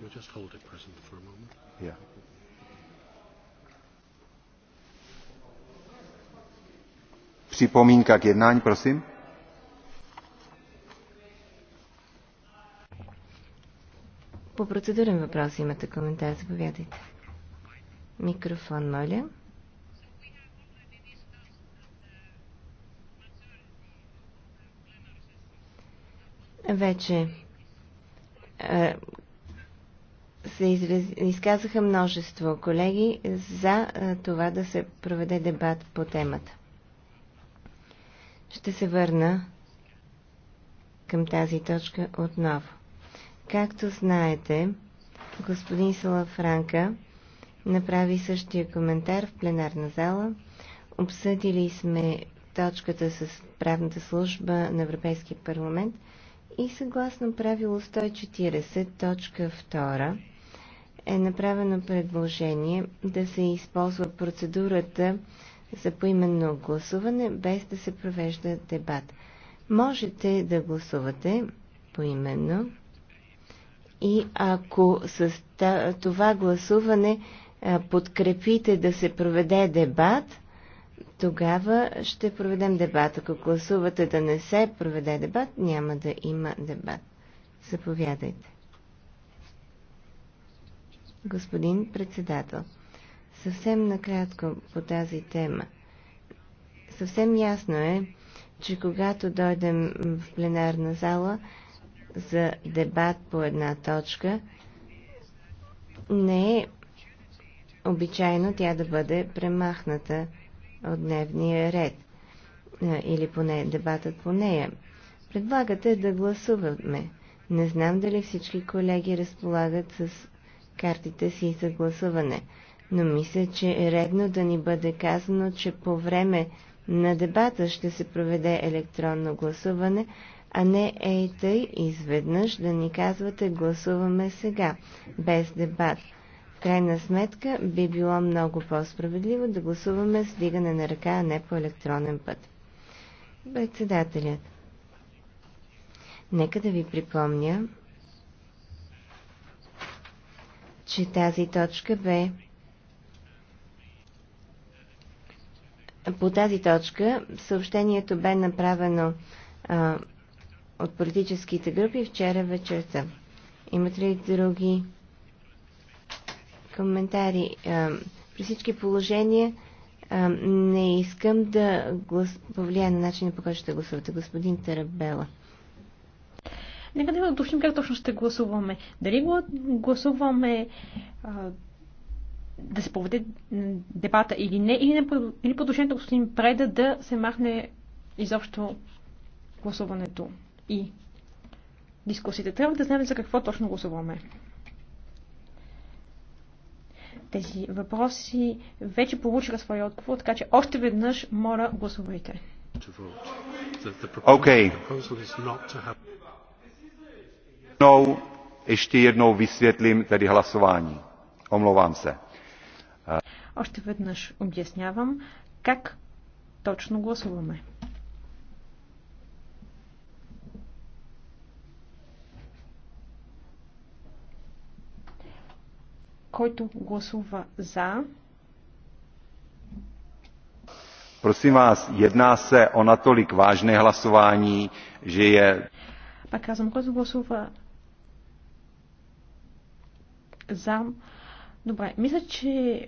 We'll just hold it present for a moment. Yeah. Připomínka k jednání, prosím. По процедурен въпрос имате коментар, заповядайте. Микрофон, моля. Вече се изрез... изказаха множество колеги за това да се проведе дебат по темата. Ще се върна към тази точка отново. Както знаете, господин Сала Франка направи същия коментар в пленарна зала. Обсъдили сме точката с правната служба на Европейския парламент и съгласно правило 140, точка 2, е направено предложение да се използва процедурата за поименно гласуване, без да се провежда дебат. Можете да гласувате поименно и ако с това гласуване подкрепите да се проведе дебат, тогава ще проведем дебат. Ако гласувате да не се проведе дебат, няма да има дебат. Заповядайте. Господин председател, съвсем накратко по тази тема. Съвсем ясно е, че когато дойдем в пленарна зала за дебат по една точка, не е обичайно тя да бъде премахната от дневния ред или поне дебатът по нея. Предлагате да гласуваме. Не знам дали всички колеги разполагат с картите си за гласуване. Но мисля, че е редно да ни бъде казано, че по време на дебата ще се проведе електронно гласуване, а не ей тъй изведнъж да ни казвате гласуваме сега, без дебат. В крайна сметка би било много по-справедливо да гласуваме с дигане на ръка, а не по електронен път. Председателят. Нека да ви припомня, че тази точка бе по тази точка съобщението бе направено а, от политическите групи вчера вечерта. Имате ли други коментари? А, при всички положения а, не искам да глас... на начина по който ще гласувате. Господин Тарабела. Нека да уточним как точно ще гласуваме. Дали гласуваме а, да се поведе дебата или не, или, не, или на господин Преда да се махне изобщо гласуването и Дискусията Трябва да знаем за какво точно гласуваме. Тези въпроси вече получиха своя отговор, така че още веднъж моля гласувайте. Okay ještě jednou vysvětlím tedy hlasování. Omlouvám se. Още веднъж обяснявам как точно гласуваме. Който гласува за, Prosím vás, jedná se o natolik vážné hlasování, že je... Pak já jsem за. Добре, мисля, че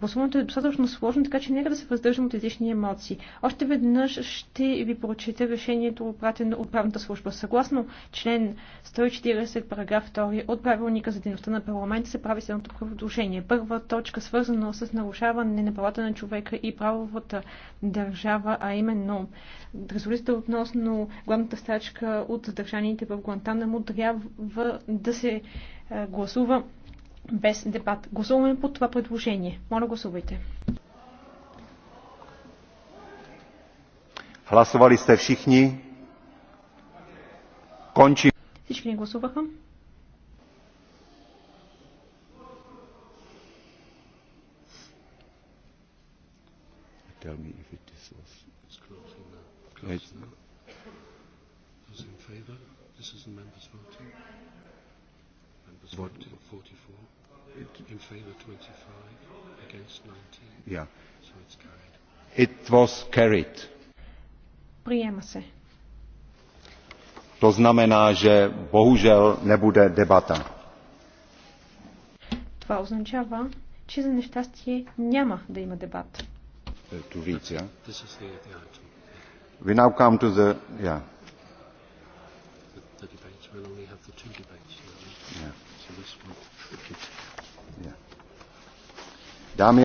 гласуването е достатъчно сложно, така че нека да се въздържам от излишни емоции. Още веднъж ще ви прочета решението, пратено от правната служба. Съгласно член 140, параграф 2 от правилника за дейността на парламента се прави следното предложение. Първа точка, свързана с нарушаване на правата на човека и правовата държава, а именно резолюцията относно главната стачка от задържаните в Гуантанамо трябва да се гласува без дебат. Гласуваме по това предложение. Моля, гласувайте. Hlasovali jste všichni? Končí. Всички не гласуваха. Tell me if it is was. It's closing now. Closing now. Those in favour? This is the members voting was what? 44. In favour 25, against 19. Yeah. So it's carried. It was carried. Приема се. To znamená, že bohužel nebude debata. Това означава, че за нещастие няма да има дебат. Турция. We now come to the, yeah. The, the debates. We'll only have the two debates. Yeah. Yeah. Dame